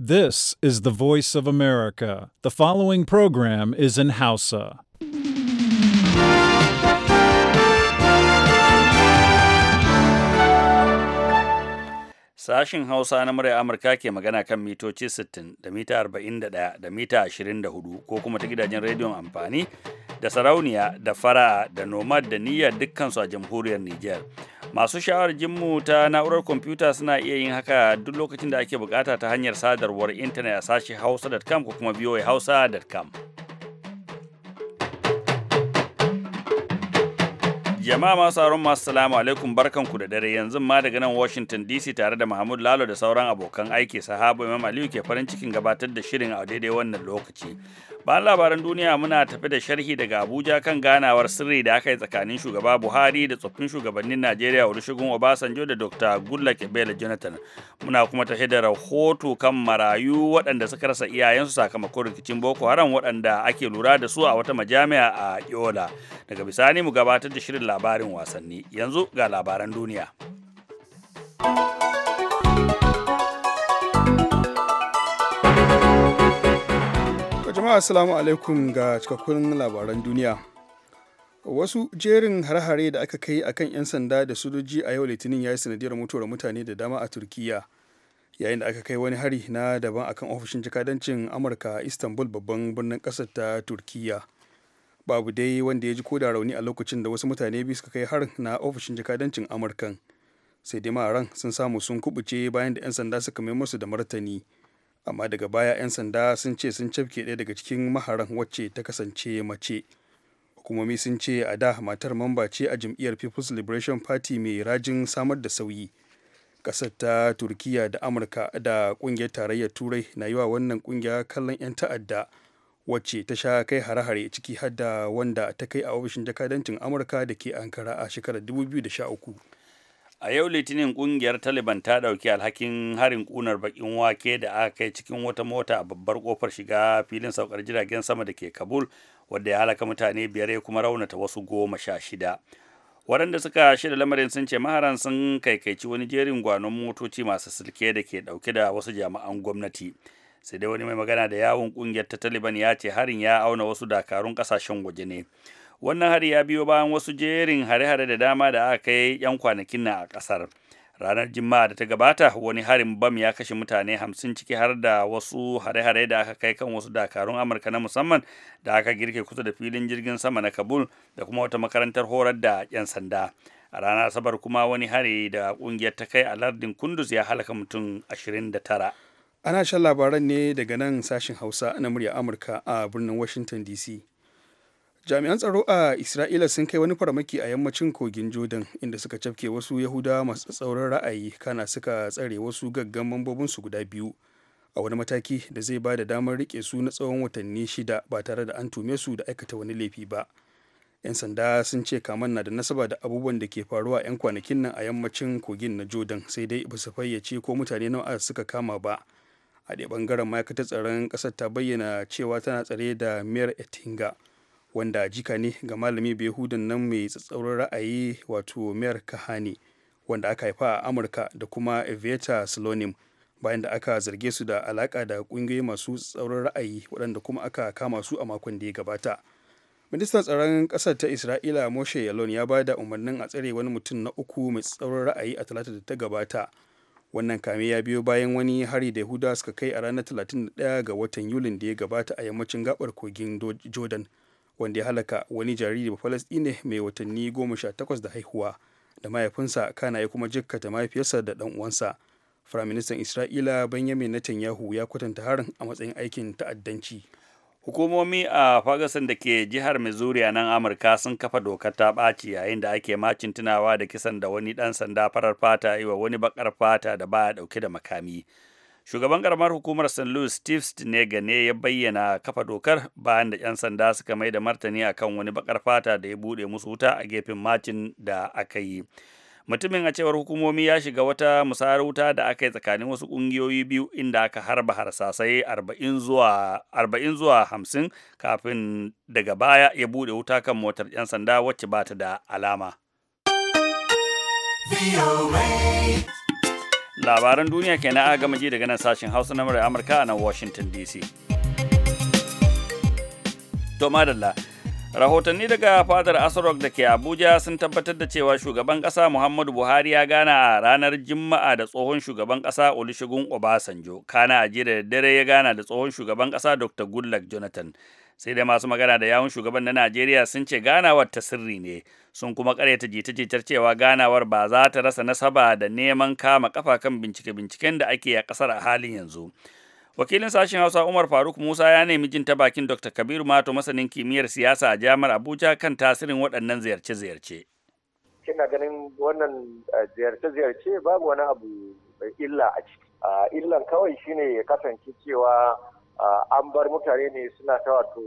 This is the voice of America. The following program is in Hausa. Sashin Hausa na murya Amurka ke magana kan mitoci 60 da mita 41 da mita 24 ko kuma ta gidajen rediyon amfani da sarauniya da Fara, da nomad da niyyar dukkansu a jamhuriyar Nijar. masu shawar jinmu ta na'urar kwamfuta suna iya yin haka duk lokacin da ake bukata ta hanyar sadarwar intanet a sashi hausa.com ko kuma voahausa.com Jama'a masu aron masu salamu alaikum ku da dare yanzu ma daga nan Washington DC tare da Mahmud Lalo da sauran abokan aiki sahabu Imam Aliyu ke farin cikin gabatar da shirin a daidai wannan lokaci. Bayan labaran duniya muna tafi da sharhi daga Abuja kan ganawar sirri da aka yi tsakanin shugaba Buhari da tsoffin shugabannin Najeriya Olusegun Obasanjo da Dr. Goodluck Ebele Jonathan. Muna kuma tafi da rahoto kan marayu waɗanda suka rasa iyayensu sakamakon rikicin Boko Haram waɗanda ake lura da su a wata majami'a a Yola. Daga bisani mu gabatar da shirin labaran labarin wasanni yanzu ga labaran duniya jama'a assalamu alaikum ga cikakkun labaran duniya wasu jerin har-hare da aka kai akan 'yan sanda da sojoji a yau litinin ya yi sanadiyar mutuwar mutane da dama a turkiya yayin da aka kai wani hari na daban akan ofishin jakadancin amurka istanbul babban birnin kasar ta turkiya babu dai wanda ya ji koda rauni a lokacin da wasu mutane biyu suka kai har na ofishin jakadancin amurkan sai dai maran sun samu sun kubuce bayan da 'yan sanda suka mai musu da martani amma daga baya 'yan sanda sun ce sun cafke ɗaya daga cikin maharan wacce ta kasance mace hukumomi sun ce a da matar mamba ce a jam'iyyar people's liberation party mai rajin samar da sauyi ƙasar ta turkiya da amurka da ƙungiyar tarayyar turai na yi wa wannan ƙungiya kallon 'yan ta'adda wacce ta sha kai hare-hare ciki har da wanda ta kai a ofishin jakadancin amurka da ke ankara a shekarar 2013 a yau litinin kungiyar taliban ta dauki alhakin harin kunar bakin wake da aka kai cikin wata mota a babbar kofar shiga filin saukar jiragen sama da ke kabul wadda ya halaka mutane biyar ya kuma raunata wasu goma sha shida waɗanda suka shirya lamarin sun ce maharan sun kaikaici wani jerin gwanon motoci masu silke da ke ɗauke da wasu jami'an gwamnati sai dai wani mai magana da yawun kungiyar ta taliban ya ce harin ya auna wasu dakarun kasashen waje ne wannan hari ya biyo bayan wasu jerin hare-hare da dama da aka kai yan kwanakin na a kasar ranar jimma da ta gabata wani harin bam ya kashe mutane hamsin ciki har da wasu hare-hare da aka kai kan wasu dakarun amurka na musamman da aka girke kusa da filin jirgin sama na kabul da kuma wata makarantar horar da 'yan sanda a ranar asabar kuma wani hari da kungiyar ta kai a lardin kunduz ya halaka mutum da tara. ana shan labaran ne daga nan sashen hausa na murya amurka a birnin washington dc jami'an tsaro a isra'ila sun kai wani farmaki a yammacin kogin jordan inda suka cafke wasu yahudawa masu tsaurin ra'ayi kana suka tsare wasu gaggan mambobinsu guda biyu a wani mataki da zai ba da damar rike su na tsawon watanni shida ba tare da an tume su da aikata wani laifi ba 'yan sanda sun ce kaman na da nasaba da abubuwan da ke faruwa 'yan kwanakin nan a yammacin kogin na jordan sai dai ba su fayyace ko mutane nawa suka kama ba a ɗaya bangaren ma'aikatar tsaron ƙasar ta bayyana cewa tana tsare da mayor etinga wanda jika ne ga malami behudan nan mai tsatsauran ra'ayi wato mayor kahani wanda aka haifa a amurka da kuma eveta slonim bayan da aka zarge su da alaka da ƙungiyoyi masu tsauran ra'ayi waɗanda kuma aka kama su a makon da ya gabata ministan tsaron ƙasar ta isra'ila moshe yalon ya ba da umarnin a tsare wani mutum na uku mai tsauran ra'ayi a talata da ta gabata wannan kame ya biyo bayan wani hari da yahuda suka kai a ranar 31 ga watan yulin da ya gabata a yammacin gabar kogin jordan wanda ya halaka wani jariri ba ne mai watanni 18 da haihuwa da mahaifinsa kana ya kuma jikkata mahaifiyarsa da dan uwansa firaministan isra'ila benjamin netanyahu ya kwatanta harin a matsayin aikin ta'addanci hukumomi a Ferguson da ke jihar Missouri a nan Amurka sun kafa dokar ta ɓaci yayin da ake macin tunawa da kisan da wani ɗan sanda farar fata yi wa wani bakar fata da baya ɗauke da makami. Shugaban karamar hukumar St. Louis Steve stinega ne ya bayyana kafa dokar bayan da 'yan sanda suka mai da martani akan wani bakar fata da ya buɗe musu wuta a gefen macin da aka yi. mutumin a cewar hukumomi ya shiga wata musayar wuta da aka yi tsakanin wasu ƙungiyoyi biyu inda aka harba harsasai 40 zuwa 50 kafin daga baya ya bude wuta kan motar 'yan sanda wacce ba ta da alama labaran duniya kenan aka gama ji daga nan sashen hausa na murar amurka a nan washington dc to rahotanni daga fadar asarok da ke abuja sun tabbatar da cewa shugaban kasa muhammadu buhari ya gana a ranar juma'a da tsohon shugaban kasa olusegun obasanjo kana a da daddare ya gana da tsohon shugaban kasa dr goodluck jonathan sai dai masu magana da yawun shugaban na najeriya sun ce ganawar ta sirri ne sun kuma karyata jita-jitar cewa ganawar ba za ta rasa nasaba da neman kama kafa kan bincike-binciken da ake a kasar a halin yanzu. wakilin sashen hausa umar faruk musa ya nemi jin ta bakin dr kabiru mato masanin kimiyyar siyasa a jami'ar abuja kan tasirin waɗannan ziyarce-ziyarce kina ganin wannan eh, ziyarce-ziyarce babu wani abu illa a ciki illan kawai shine ya kasance cewa an bar mutane ne suna ta wato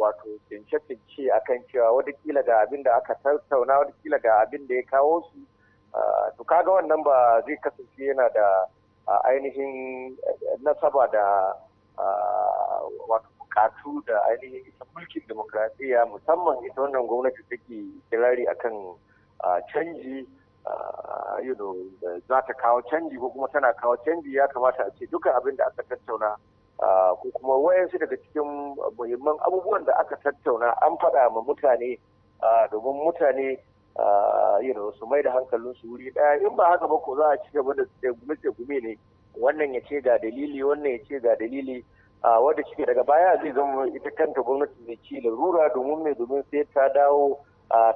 wato tsince-tsince kan cewa watakila ga abin da aka tattauna watakila ga abin da ya kawo su to kaga wannan ba zai kasance yana da ainihin eh, nasaba da wato bukatu da ainihin ita mulkin demokradiyya musamman ita wannan gwamnati take kirari akan canji za ta kawo canji ko kuma tana kawo canji ya kamata a ce duka abin da aka tattauna ko kuma wayansu daga cikin muhimman abubuwan da aka tattauna an faɗa ma mutane domin mutane su mai da su wuri ɗaya in ba haka ba ko za a ci gaba da tsegume ne wannan ya ce ga dalili wannan ya ce ga dalili a wadda cike daga baya zai zama ita kanta gwamnati zai ci larura domin mai domin sai ta dawo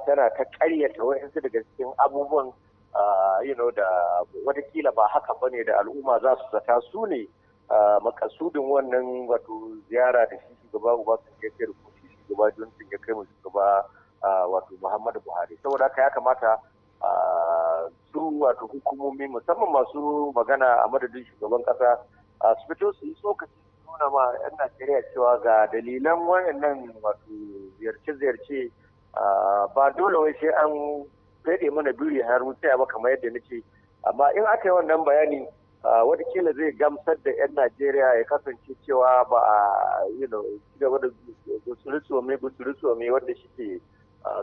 tana ta karyata wa'insu daga cikin abubuwan da watakila ba haka ba ne da al'umma za su zata su ne makasudin wannan wato ziyara da shi shugaba uba ya kai rubutu shugaba ya kai mu shugaba wato muhammadu buhari saboda haka ya kamata su wato hukumomi musamman masu magana a madadin shugaban kasa su fito su yi tsokaci nuna ma 'yan najeriya cewa ga dalilan wayannan wato ziyarce-ziyarce ba dole wai sai an fede mana biri har mun tsaya ba kamar yadda na ce amma in aka yi wannan bayani watakila zai gamsar da 'yan najeriya ya kasance cewa ba a yi gaba da gusuri-tsomi gusuri mai wanda shi ke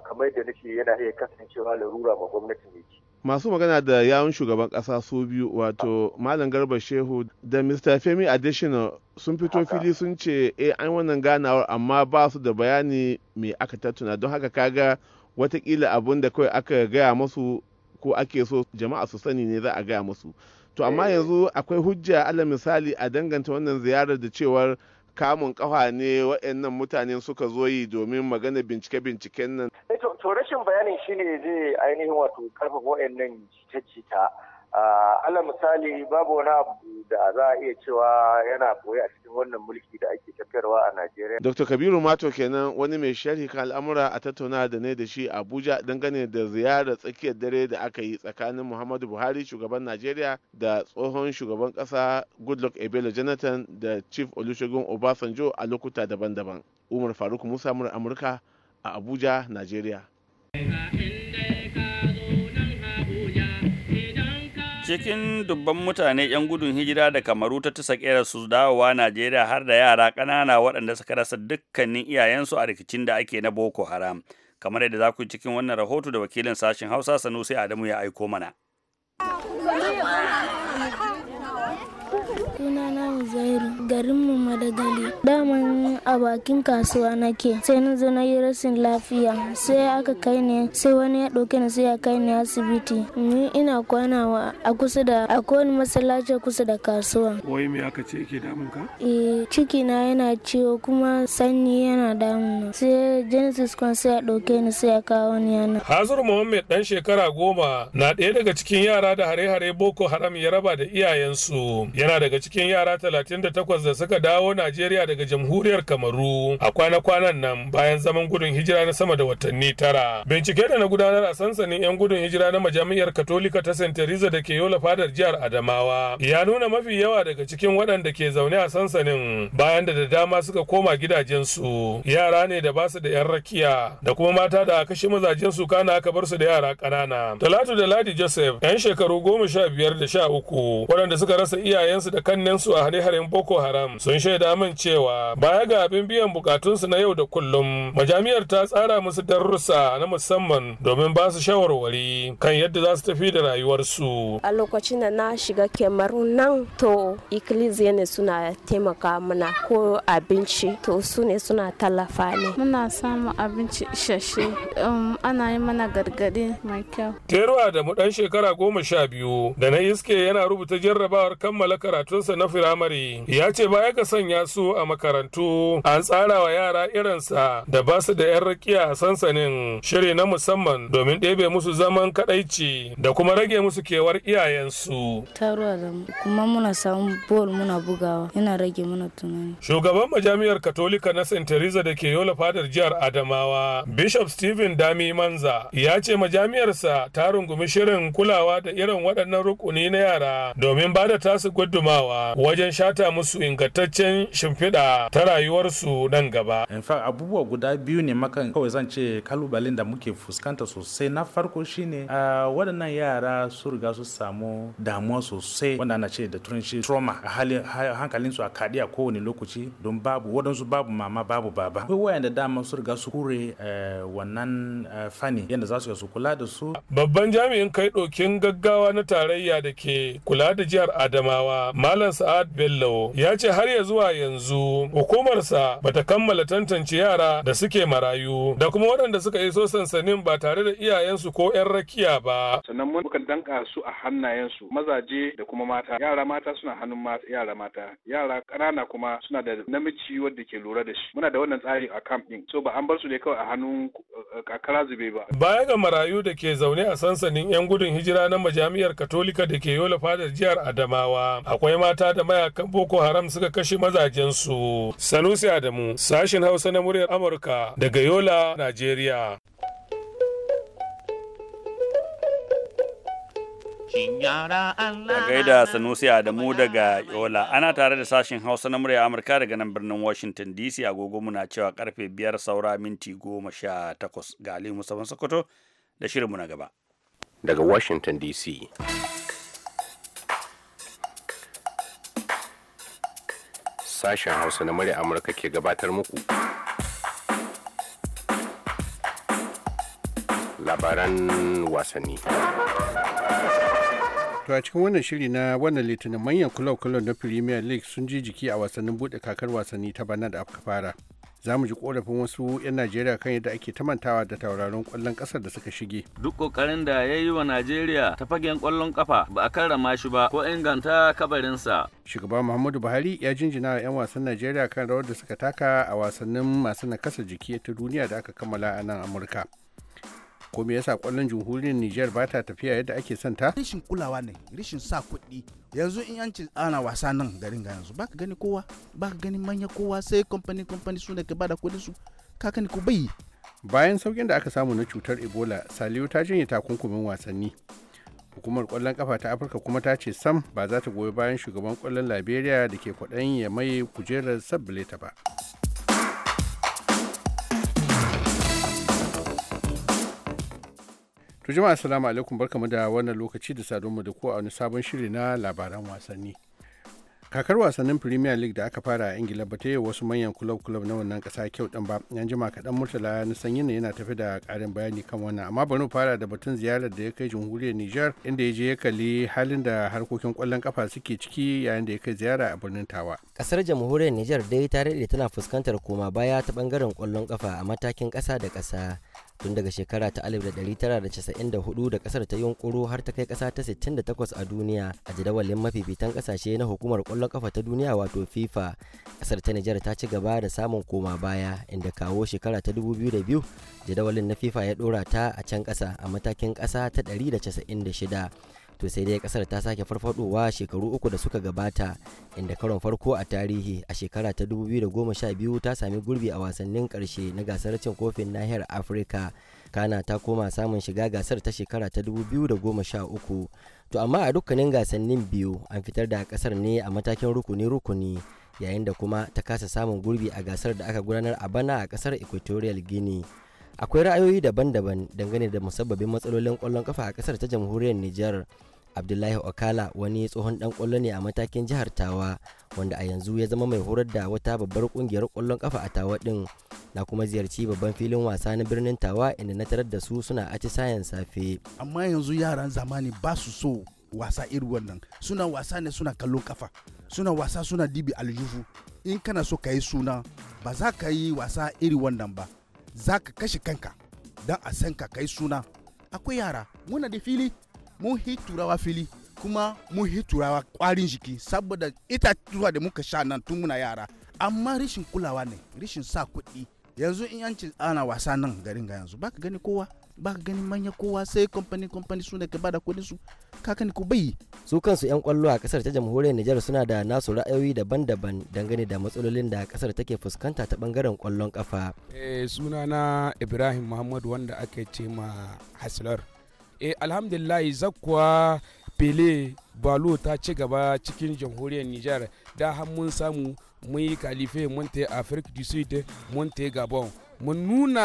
kamar da nake yana iya kasancewa larura ma gwamnati ne ci. Masu magana da yawun shugaban kasa su biyu wato Malam Garba Shehu da Mr. Femi Adesina sun fito fili sun ce eh an wannan ganawar amma ba su da bayani me aka tattuna don haka kaga watakila abun da kawai aka gaya masu ko ake so jama'a su sani ne za a gaya masu To amma eh. yanzu akwai hujja ala misali a danganta wannan ziyarar da cewar kamun kafa ne waɗannan mutane suka zo yi domin magana bincike-binciken nan. Eh, to rashin bayanin shi ne zai ainihin wato karfafa waɗannan jita-jita ala misali babu wani abu da za a iya cewa yana koyi a cikin wannan mulki da ake tafiyarwa a Najeriya. Dr. Kabiru Mato kenan wani mai sharhi kan al'amura a tattauna da ne da shi Abuja dangane da ziyarar tsakiyar dare da aka yi tsakanin Muhammadu Buhari shugaban Najeriya da tsohon shugaban ƙasa Goodluck Ebele Jonathan da Chief Olusegun Obasanjo a lokuta daban-daban. Umar Faruk Musa Amurka a Abuja, Najeriya. cikin dubban mutane 'yan gudun hijira da kamaru ta tusa kera su dawowa najeriya har da yara ƙanana waɗanda suka rasa dukkanin iyayensu a rikicin da ake na boko haram kamar yadda za ku cikin wannan rahoto da wakilin sashen hausa sanusi adamu ya aiko mana sunana garin mu Madagali. Daman a bakin kasuwa nake sai na zo na yi rashin lafiya sai aka kai ne sai wani ya ɗauke ni sai ya kai ni asibiti. Ni ina kwanawa a kusa da a kowane masallaci kusa da kasuwa. Wai me aka ce yake damun ka? Eh ciki na yana ciwo kuma sanyi yana damuna. Sai Genesis kwan sai ya ɗauke ni sai ya kawo ni yana. Hazur Muhammad dan shekara goma na ɗaya daga cikin yara da hare-hare Boko Haram ya raba da iyayensu. Yana daga cikin yara 38 da suka dawo Najeriya daga jamhuriyar Kamaru a kwana-kwanan nan bayan zaman gudun hijira na sama da watanni tara. Bincike da na gudanar a sansanin 'yan gudun hijira na majami'ar Katolika ta St. Teresa da ke yola fadar jihar Adamawa ya nuna mafi yawa daga cikin waɗanda ke zaune a sansanin bayan da da dama suka koma gidajensu yara ne da basu da 'yan rakiya da kuma mata da kashe mazajensu kana aka bar su da yara ƙanana. Talatu da Ladi Joseph 'yan shekaru goma sha biyar da sha uku waɗanda suka rasa iyayensu da kan su a hare-haren Boko Haram sun shaida min cewa baya ga abin biyan bukatunsu na yau da kullum majami'ar ta tsara musu darussa na musamman domin ba su shawarwari kan yadda za su tafi da rayuwarsu. A lokacin da na shiga kemaru nan to ikkilisiya ne suna taimaka mana ko abinci to su ne suna tallafa ne. Muna samun abinci isasshe um, ana yi mana gargaɗi mai kyau. Teruwa da mu ɗan shekara goma sha biyu da na iske yana rubuta jarrabawar kammala karatunsa ɗalibansa na firamare ya ce baya ga sanya su a makarantu an tsara wa yara irinsa da ba su da 'yan rakiya a sansanin shiri na musamman domin ɗebe musu zaman kaɗaici da kuma rage musu kewar iyayensu. kuma muna samun bol muna bugawa yana rage muna tunani. Shugaban majami'ar Katolika na St. Teresa da ke yola fadar jihar Adamawa Bishop Stephen Dami Manza ya ce majami'arsa ta rungumi shirin kulawa da irin waɗannan rukuni na yara domin ba da tasu gudumawa wajen shata musu ingantaccen shimfiɗa ta rayuwarsu nan gaba. in fact abubuwa guda biyu ne makan kawai zan ce kalubalen da muke fuskanta sosai na farko shine waɗannan yara su riga su samu damuwa sosai wanda ana ce da turanci trauma a hankalin su a kaɗi a kowane lokaci don babu waɗansu babu mama babu baba akwai da dama su riga su kure eh, wannan eh, fani yadda za su su kula da su babban jami'in kai ɗokin gaggawa na tarayya da ke kula da jihar adamawa malam Hassan Sa'ad Bello ya ce har ya zuwa yanzu hukumarsa bata kammala tantance yara da suke marayu da kuma waɗanda suka iso sansanin ba tare da iyayensu ko 'yan rakiya ba. Sannan mun muka danka su a hannayensu mazaje da kuma mata. Yara mata suna hannun mata yara mata. Yara ƙanana kuma suna da namiji wanda ke lura da shi. Muna da wannan tsari a camp ɗin. So ba an bar su ne kawai a hannun eh, kakara zube ba. Baya ga marayu da ke zaune a sansanin 'yan gudun hijira na majami'ar Katolika da ke Yola fadar jihar Adamawa. Akwai ma mata da mayakan Boko Haram suka kashe mazajensu. Sanusi Adamu, sashin Hausa na muryar Amurka daga Yola, Najeriya. Da gaida Sanusi Adamu daga Yola, ana tare da sashen Hausa na murya Amurka daga nan birnin Washington DC agogo muna cewa karfe biyar saura minti goma sha takwas ga Ali Sokoto da shirinmu na gaba. Daga Washington DC. sashen hausa na murya amurka ke gabatar muku labaran wasanni to a cikin wannan shiri na wannan litinin manyan kulau-kulau na premier league sun ji jiki a wasannin bude kakar wasanni ta bana da aka fara za mu ji korafin wasu 'yan najeriya kan yadda ake ta mantawa da tauraron kwallon kasar da suka shige duk kokarin da ya yi wa najeriya ta fagen kwallon kafa ba a karrama shi ba ko inganta kabarinsa shugaba muhammadu buhari ya jinjina 'yan wasan najeriya kan rawar da suka taka a wasannin masu nakasa jiki ta duniya da aka kammala a nan amurka ko me yasa kwallon jamhuriyar Nijar ba ta tafiya yadda ake son ta? Rishin kulawa ne, rishin sa kuɗi. Yanzu in yanci ana wasa nan garin ga yanzu baka gani kowa, baka gani manya kowa sai kamfani kamfani su ne ke bada kuɗin su. Kakani ko bai. Bayan saukin da aka samu na cutar Ebola, Saliu ta janye takunkumin wasanni. Hukumar kwallon kafa ta Afirka kuma ta ce sam ba za ta goyi bayan shugaban kwallon Liberia da ke kwaɗayin ya mai kujerar sabbileta ba. To jama'a assalamu alaikum barkamu da wannan lokaci da mu da ku a wani sabon shiri na labaran wasanni. kakar wasannin premier league da aka fara a ingila ba ta yi wasu manyan kulob-kulob na wannan kasa kyau din ba yan jima kaɗan murtala na sanyi ne yana tafi da ƙarin bayani kan wannan amma bari fara da batun ziyarar da ya kai jamhuriyar niger inda ya je ya kalli halin da harkokin kwallon kafa suke ciki yayin da ya kai ziyara a birnin tawa kasar jamhuriyar niger dai ta da tana fuskantar koma baya ta ɓangaren ƙwallon kafa a matakin ƙasa da ƙasa tun daga shekara ta 1994 da kasar ta yunkuru har ta kai kasa ta 68 a duniya a jadawalin mafifitan kasashe na hukumar kwallon kafa ta duniya wato FIFA kasar ta Nijar ta ci gaba da samun koma baya inda kawo shekara ta 2002 jadawalin na FIFA ya dora ta a can kasa a matakin kasa ta 196 to sai dai kasar ta sake farfadowa shekaru uku da suka gabata inda karon farko a tarihi a shekara ta 2012 ta sami gurbi a wasannin karshe na gasar cin kofin nahiyar afirka kana ta koma samun shiga gasar ta shekara ta 2013 to amma a dukkanin gasannin biyu an fitar da kasar ne a matakin rukuni-rukuni yayin da kuma ta kasa samun gurbi a gasar da aka gudanar a bana a kasar equatorial guinea akwai ra'ayoyi daban-daban dangane da musabbabin matsalolin kwallon kafa a kasar ta jamhuriyar Nijar. Abdullahi Okala wani tsohon dan kwallo ne a matakin jihar Tawa wanda a yanzu ya zama mai horar da wata babbar kungiyar kwallon kafa a Tawa din na kuma ziyarci babban filin wasa na birnin Tawa inda na tarar da su suna atisayen safe. Amma yanzu yaran zamani ba su so wasa iri wannan suna wasa ne suna kallon kafa suna wasa suna dibi aljuhu in kana so ka yi suna ba za ka yi wasa iri wannan ba za ka kashe kanka don a san ka kai suna akwai yara muna da fili mun turawa fili kuma mun turawa kwarin jiki saboda ita turawa da muka sha nan tun muna yara amma rishin kulawa ne rishin sa kuɗi yanzu in yanci ana wasa nan garin ga yanzu baka gani kowa baka gani manya kowa sai kamfani kamfani suna ne ka bada kuɗin su kakan ku su kansu 'yan kwallo a kasar ta jamhuriyar Nijar suna da nasu ra'ayoyi daban-daban dangane da matsalolin da kasar take fuskanta ta bangaren kwallon kafa. Eh sunana Ibrahim Muhammad wanda ake ce ma Haslar. Eh alhamdulillah zakwa Pele Balo ta ci gaba cikin jamhuriyar Nijar da har mun samu mun yi kalife mun ta Africa du Sud mun ta Gabon. Mun nuna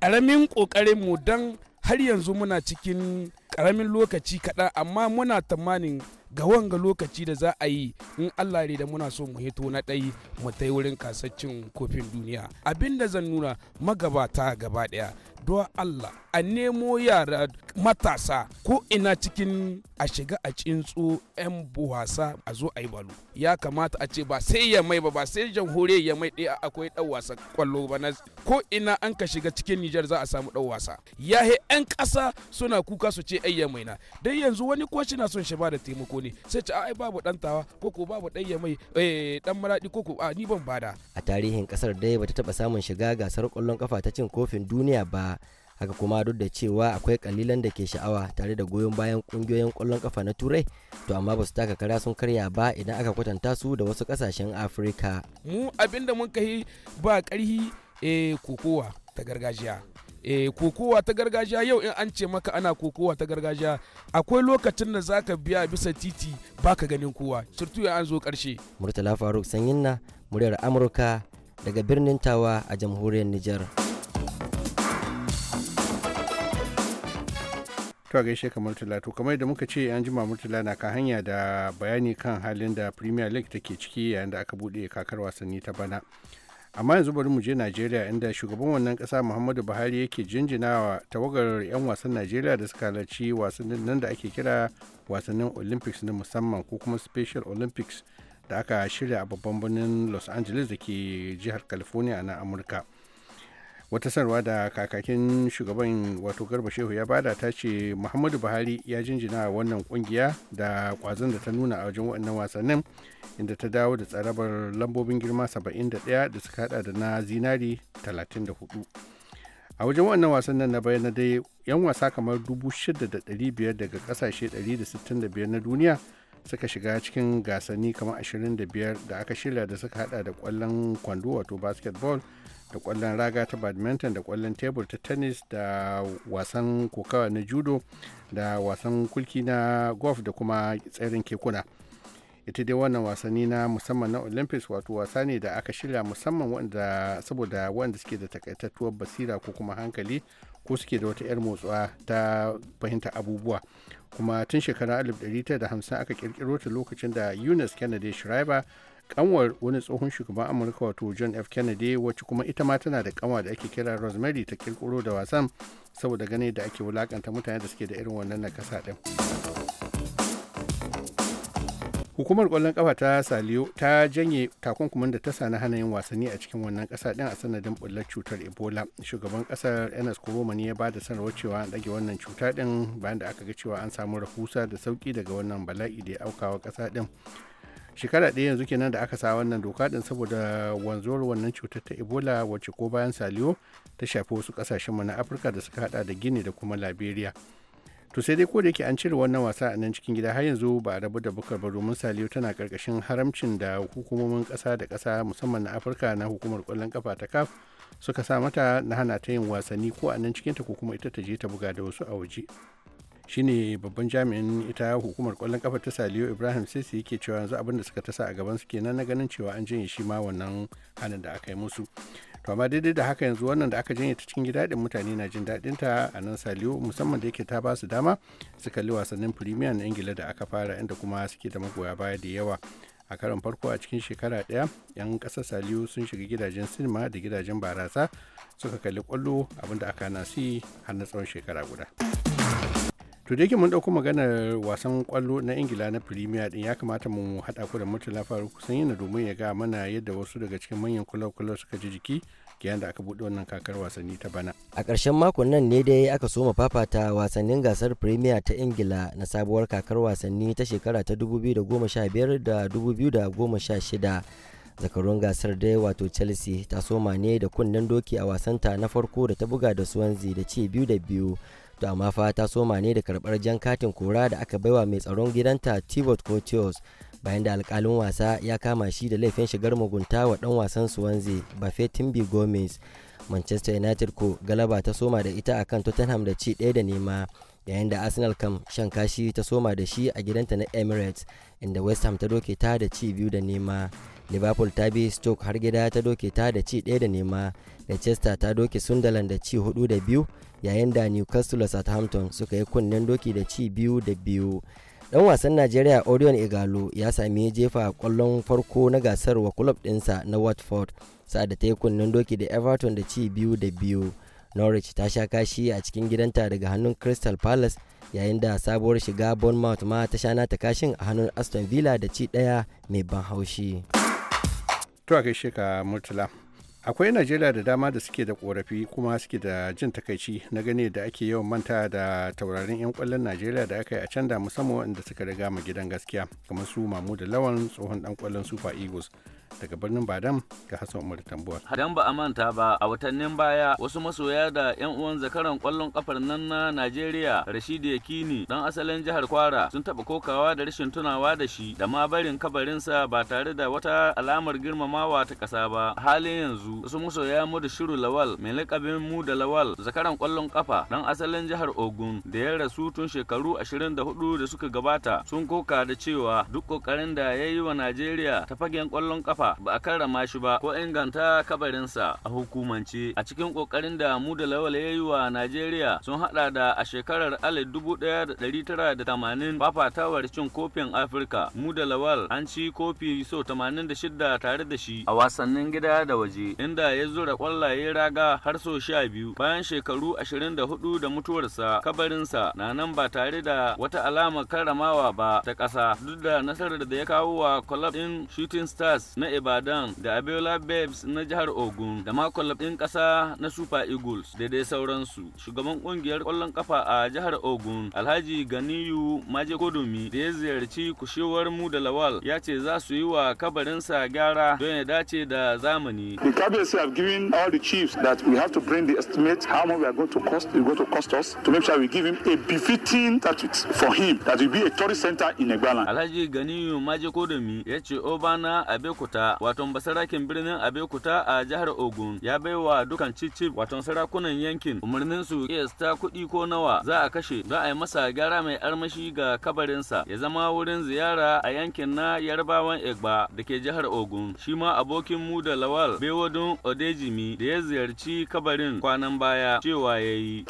ƙaramin ƙoƙarinmu don har yanzu muna cikin karamin lokaci kaɗan amma muna tamanin ga wanga lokaci da za a yi in Allah ne da muna so mu hito na ɗai mu tai wurin kasaccin kofin duniya abin da zan nuna magabata gaba ɗaya addu'a Allah a nemo yara matasa ko ina cikin a shiga a cintso 'yan buwasa a zo a yi balo ya kamata a ce ba sai ya mai ba ba sai jamhuriyar ya mai ɗaya akwai ɗan wasa kwallo ba na ko ina an ka shiga cikin Nijar za a samu ɗan wasa ya he 'yan ƙasa suna kuka su ce ayya mai na dai yanzu wani ko shi na son shi ba da taimako ne sai ce ai babu ɗan tawa ko ko babu ɗan ya mai eh, ɗan maraɗi ko ko ni ban bada a tarihin ƙasar dai bata taɓa samun shiga gasar ƙwallon kafa ta cin kofin duniya ba Haka kuma duk da cewa akwai kalilan da ke sha'awa tare da goyon bayan kungiyoyin ƙwallon kafa na Turai, to amma ba su taka kara sun karya ba idan aka kwatanta su da wasu ƙasashen Afirka. Mu abinda mun kai ba ƙarhi eh kokowa ta gargajiya. e kokowa ta gargajiya yau in an ce maka ana kokowa ta gargajiya akwai lokacin da zaka biya bisa titi baka ganin kowa surtu ya an zo karshe murtala faruk sanyin na muryar amurka daga birnin tawa a jamhuriyar nijar. ka gaishe kamar kamar da muka ce an jima murtala na ka hanya da bayani kan halin da premier league take ciki yayin da aka bude kakar wasanni ta bana amma yanzu bari mu je najeriya inda shugaban wannan kasa muhammadu buhari yake jinjinawa tawagar 'yan wasan najeriya da suka halarci wasannin nan da ake kira wasannin olympics na musamman ko kuma special olympics da aka shirya a babban birnin los angeles da ke jihar california na amurka wata sanarwa da kakakin shugaban wato garba shehu ya bada ta ce muhammadu buhari ya jinjina wannan kungiya da kwazon da ta nuna a wajen waɗannan wasannin inda ta dawo da tsarabar lambobin girma 71 da suka hada da na zinari 34 a wajen wannan wasannin na bayan dai yan wasa kamar 6,500 daga kasashe 165 na duniya suka shiga cikin gasanni kamar 25 da aka shirya da suka hada da kwallon kwando wato basketball da kwallon raga ta badminton da kwallon tebur ta tennis da wasan kokawa na judo da wasan kulki na golf da kuma tseren kekuna ita dai wannan wasanni na musamman na olympics wato wasa ne da aka shirya musamman wanda saboda wanda suke da takaitattuwar basira ko kuma hankali ko suke da wata 'yar motsuwa ta fahimta abubuwa kuma tun shekarar 1950 aka kirkiro ta lokacin da eunice kennedy shriver kanwar wani tsohon shugaban amurka wato john f kennedy wacce kuma ita ma tana da kanwa da ake kira rosemary ta kirkuro da wasan saboda ganin da ake wulakanta mutane da suke da irin wannan nakasa din hukumar kwallon kafa ta saliyo ta janye takunkumin da ta sani hana yin wasanni a cikin wannan kasa din a sanadin bullar cutar ebola shugaban kasar ns koroma ne ya ba da sanarwar cewa an ɗage wannan cuta din bayan da aka ga cewa an samu rahusa da sauki daga wannan bala'i da ya aukawa kasa din shekara ɗaya yanzu kenan da aka sa wannan doka din saboda wanzuwar wannan cutar ta ebola wacce ko bayan saliyo ta shafi wasu mu na afirka da suka hada da gini da kuma liberia to sai dai ko da yake an cire wannan wasa a nan cikin gida har yanzu ba a rabu da bukar ba domin saliyo tana karkashin haramcin da hukumomin kasa da kasa musamman na afirka na hukumar kwallon kafa ta kaf suka sa mata na hana ta yin wasanni ko a nan cikinta ko kuma ita ta je ta buga da wasu a waje shine babban jami'in ita hukumar kwallon kafa ta saliyo ibrahim sisi yake cewa yanzu abin da suka tasa a gaban su kenan na ganin cewa an janye shi ma wannan hannun da aka yi musu to amma daidai da haka yanzu wannan da aka janye ta cikin gida din mutane na jin daɗin ta a nan saliyo musamman da yake ta ba su dama su kalli wasannin premier na ingila da aka fara inda kuma suke da magoya baya da yawa a karon farko a cikin shekara ɗaya 'yan ƙasar saliyo sun shiga gidajen sinima da gidajen barasa suka kalli kwallo abinda aka nasi har na tsawon shekara guda. to da yake mun ɗauko maganar wasan kwallo na ingila na premier din ya kamata mu haɗa ku da mutum faru kusan yana domin ya ga mana yadda wasu daga cikin manyan kulau kula suka ji jiki yayin da aka buɗe wannan kakar wasanni ta bana. A ƙarshen makon nan ne dai aka soma fafata wasannin gasar Premier ta Ingila na sabuwar kakar wasanni ta shekara ta 2015 da 2016. Zakarun gasar dai wato Chelsea ta soma ne da kunnen doki a wasanta na farko da ta buga da Swansea da ci biyu da biyu. to amma fa ta soma ne da karbar jan katin kora da aka baiwa mai tsaron gidanta tibot cotios bayan da alkalin wasa ya kama shi da laifin shigar mugunta wa dan wasan suwanzi bafe timbi gomez manchester united ko galaba ta soma da ita akan tottenham da ci ɗaya da nema yayin da arsenal kam shan kashi ta soma da shi a gidanta na emirates inda west ham ta doke ta da ci biyu da nema liverpool ta bi stoke har gida ta doke ta da ci daya da nema leicester ta doke sunderland da ci hudu da biyu yayin da newcastle da southampton suka yi kunnen doki da ci biyu da biyu dan wasan najeriya orion igalo ya sami jefa kwallon farko na gasar wa kulob dinsa na watford sa'ad ta yi kunnen doki da everton da ci biyu da biyu norwich ta sha kashi a cikin gidanta daga hannun crystal palace yayin da sabuwar shiga bournemouth ma ta sha ta kashin a hannun aston villa da ci daya mai ban haushi to a gaishe ka murtala akwai najeriya da dama da suke da korafi kuma suke da jin takaici na gane da ake yawan manta da taurarin 'yan kwallon najeriya da aka yi a can da musamman wanda suka riga mu gidan gaskiya kamar su mamu da lawan tsohon dan kwallon super eagles daga birnin badam ga hassan umar tambuwar hadan ba a manta ba a watannin baya wasu masoya da yan uwan zakaran kwallon kafar nan na najeriya rashidi yakini dan asalin jihar kwara sun taba kokawa da rashin tunawa da shi da ma barin kabarinsa ba tare da wata alamar girmamawa ta kasa ba halin yanzu wasu masoya mu da shiru lawal mai lakabin mu da lawal zakaran kwallon kafa dan asalin jihar ogun da ya rasu tun shekaru 24 da suka gabata sun koka da cewa duk kokarin da ya yi wa najeriya ta fagen kwallon kafa kafa ba a karrama shi ba ko inganta kabarinsa a hukumance a cikin kokarin da mu da lawal ya yi wa Najeriya sun hada da a shekarar 1980 fafatawar cin kofin Afirka mu da lawal an ci kofi so 86 tare da shi a wasannin gida da waje inda ya zura kwallaye raga har so 12 bayan shekaru 24 da mutuwarsa kabarinsa na nan ba tare da wata alamar karramawa ba ta ƙasa duk da nasarar da ya kawo wa club din Shooting Stars na na Ibadan da Abiola Babes na jihar Ogun da ma ɗin ƙasa na Super Eagles da dai sauransu. Shugaban ƙungiyar ƙwallon ƙafa a jihar Ogun Alhaji Ganiyu Maje Kodomi da ya ziyarci kushewar mu da Lawal ya ce za su yi wa kabarinsa gyara don ya dace da zamani. The KBC have given all the chiefs that we have to bring the estimate how much we are going to cost, we going to cost us to make sure we give him a befitting statute for him that will be a tourist center in Egbalan. Alhaji Ganiyu Maje Kodomi ya ce Obana Abeokuta Abeokuta wato basarakin birnin Abeokuta a jihar Ogun ya baiwa dukan cicci wato sarakunan yankin umarnin su kiyasta kuɗi ko nawa za a kashe don a yi masa gyara mai armashi ga kabarinsa ya zama wurin ziyara a yankin na Yarbawan Egba da jihar Ogun shi ma abokin mu da Lawal Bewodun Odejimi da ya ziyarci kabarin kwanan baya cewa ya yi.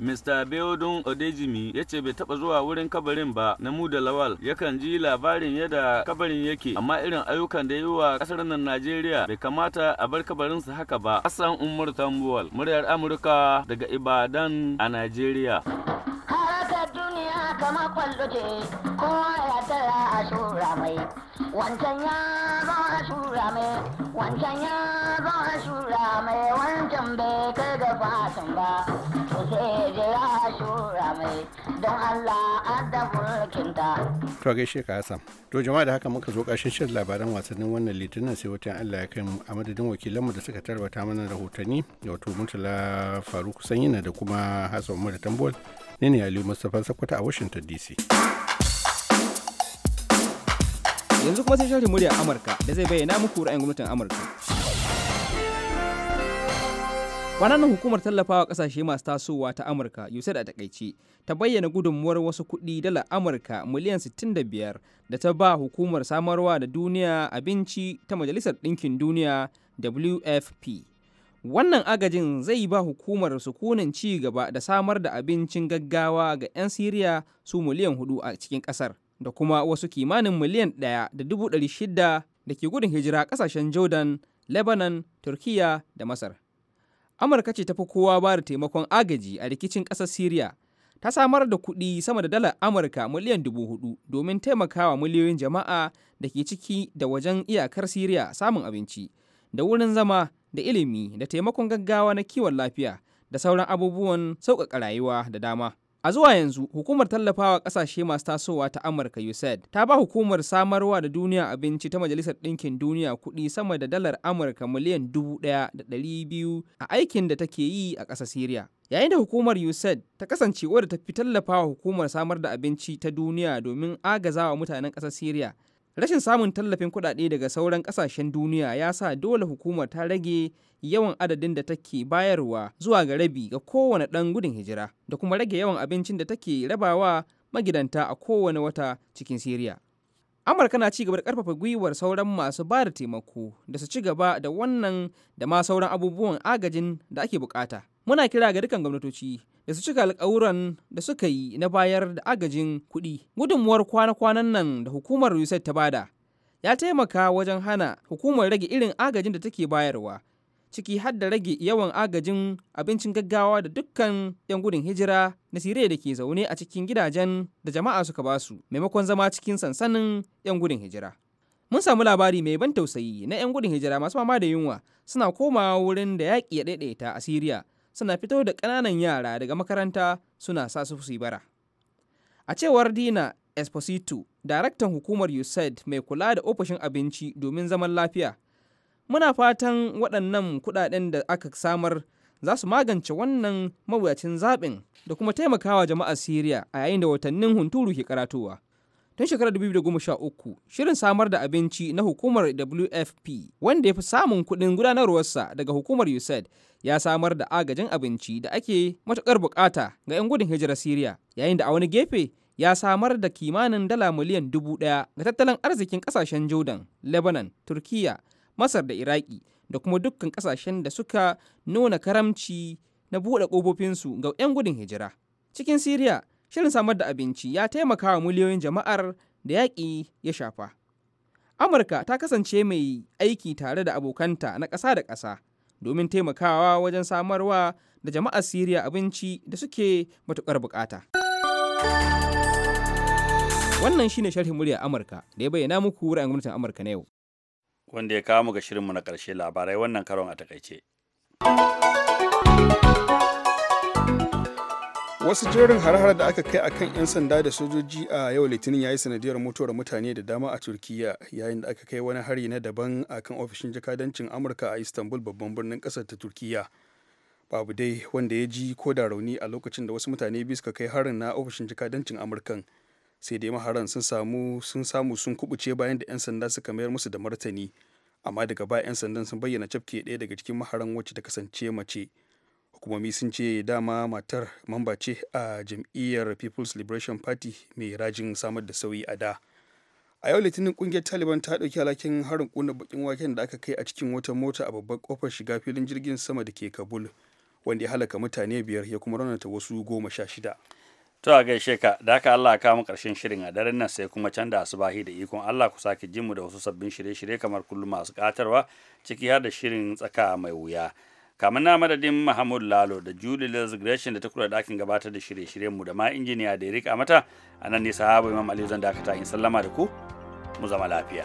Mr. Beodun Odejimi ya ce bai taba zuwa wurin kabarin ba na mu da Lawal yakan ji labarin yadda kabarin yake amma irin ayyukan da yi wa kasar nan Najeriya bai kamata a bar kabarin su haka ba. Hassan Umar Tambuwal muryar Amurka daga Ibadan a Najeriya. kama kwallo ce kowa tara a shura mai wancan ya zo a shura mai wancan ya zo shura mai wancan bai kai ga fatan ba to sai jira don Allah adda mulkinta. To gaishe ka Hassan. To jama'a da haka muka zo ƙarshen shirin labaran wasannin wannan litinin sai wata Allah ya kai mu a madadin wakilanmu da suka tarbata mana rahotanni da wato Murtala Faruk Sanyina da kuma Hassan Umar Tambol. Ne ne Aliyu Mustapha Sakwata a Washington DC. Yanzu kuma sai shirin murya Amurka da zai bayyana muku ra'ayin gwamnatin Amurka. Kwanan hukumar tallafawa kasashe masu tasowa ta Amurka USAID a takaice ta bayyana gudunmuwar wasu kuɗi dala Amurka miliyan 65 da ta ba hukumar samarwa da duniya abinci ta Majalisar Ɗinkin Duniya WFP. Wannan agajin zai ba hukumar sukunin ci gaba da samar da abincin gaggawa ga 'yan Siriya su miliyan hudu a cikin ƙasar da kuma wasu kimanin miliyan ɗaya da dubu ɗari shida da ke gudun hijira ƙasashen Jordan, Lebanon, turkiyya da Masar. amurka ce ta fi kowa ba da taimakon agaji a rikicin ƙasar syria ta samar da kuɗi sama da dalar amurka miliyan dubu hudu domin taimakawa miliyoyin jama'a da ke ciki da wajen iyakar syria samun abinci da wurin zama da ilimi da taimakon gaggawa na kiwon lafiya da sauran abubuwan sauƙaƙa rayuwa da dama A zuwa yanzu, hukumar tallafawa kasashe masu tasowa ta Amurka USAID ta ba hukumar samarwa da duniya abinci ta Majalisar Ɗinkin Duniya kuɗi sama da dalar Amurka miliyan dubu ɗaya da ɗari biyu a aikin da take yi a ƙasa Siriya. Yayin da hukumar USAID ta kasance wadda ta fi tallafawa hukumar samar da abinci ta duniya domin agazawa mutanen ƙasar Siriya rashin samun tallafin kuɗaɗe daga sauran ƙasashen duniya ya sa dole hukumar ta rage yawan adadin da take bayarwa zuwa ga rabi ga kowane ɗan gudun hijira da kuma rage yawan abincin da take rabawa magidanta a kowane wata cikin siriya amurka na ci gaba da karfafa gwiwar sauran masu ba da taimako da su ci gaba da wannan da ma sauran abubuwan agajin da ake bukata muna kira ga dukkan gwamnatoci da su cika alkawuran da suka yi na bayar da agajin kuɗi. Gudunmuwar kwana-kwanan nan da hukumar USAID ta bada ya taimaka wajen hana hukumar rage irin agajin da take bayarwa, ciki har da rage yawan agajin abincin gaggawa da dukkan 'yan gudun hijira na sire da ke zaune a cikin gidajen da jama'a suka basu maimakon zama cikin sansanin 'yan gudun hijira. mun samu labari mai ban tausayi na 'yan gudun hijira masu mama da yunwa suna komawa wurin da yaƙi ya ɗaiɗaita a Siriya suna fito da ƙananan yara daga makaranta suna sa su yi bara a cewar dina esposito daraktan hukumar usaid mai kula da ofishin abinci domin zaman lafiya muna fatan waɗannan kuɗaɗen da aka samar za su magance wannan mawuyacin zaɓin da kuma taimakawa jama'ar Siriya a yayin da watannin hunturu ke karatowa. Tun shekarar 2013, shirin samar da abinci na hukumar WFP wanda ya fi samun kuɗin gudanarwarsa daga hukumar USAID ya samar da agajin abinci da ake matuƙar bukata ga 'yan gudun hijira Siriya, yayin da a wani gefe ya samar da kimanin dala miliyan dubu ɗaya ga tattalin arzikin ƙasashen Jordan, Lebanon, Turkiya, Masar da Iraki da kuma dukkan ƙasashen da suka nuna karamci na buɗe ƙofofinsu ga 'yan gudun hijira. Cikin Siriya, shirin samar da abinci ya taimaka wa miliyoyin jama'ar da yaƙi ya shafa. Amurka ta kasance mai aiki tare da abokanta na ƙasa da ƙasa domin taimakawa wajen samarwa da jama'a Siriya abinci da suke matukar bukata. Wannan shi shine sharhin murya Amurka da ya bayyana muku wurin gwamnatin Amurka na yau. Wanda ya kawo mu ga shirinmu na ƙarshe labarai wannan karon a takaice. wasu jerin har da aka kai akan 'yan sanda da sojoji a yau litinin ya yi sanadiyar mutuwar mutane da dama a turkiya yayin da aka kai wani hari na daban a kan ofishin jakadancin amurka a istanbul babban birnin kasar ta turkiya babu dai wanda ya ji ko da rauni a lokacin da wasu mutane biyu suka kai harin na ofishin jakadancin amurkan sai dai maharan sun samu sun samu sun kubuce bayan da 'yan sanda suka mayar musu da martani amma daga baya 'yan sandan sun bayyana cafke ɗaya daga cikin maharan wacce ta kasance mace hukumomi sun ce dama matar mamba ce a jam'iyyar people's liberation party mai rajin samar da sauyi a da a yau litinin kungiyar taliban ta dauki alhakin harin kuna bakin waken da aka kai a cikin wata mota a babbar kofar shiga filin jirgin sama da ke kabul wanda ya halaka mutane biyar ya kuma raunata wasu goma sha shida To a gaishe ka, da aka Allah ka karshen shirin a daren nan sai kuma can da asubahi da ikon Allah ku sake jinmu mu da wasu sabbin shirye-shirye kamar kullum masu katarwa ciki har da shirin tsaka mai wuya. kamar na madadin Mahmud Lalo da Julie Liz Gresham da ta kula dakin gabatar da shirye-shiryen mu da ma injiniya da ya rika mata a nan ne sahaba Imam zan dakata in sallama da ku mu zama lafiya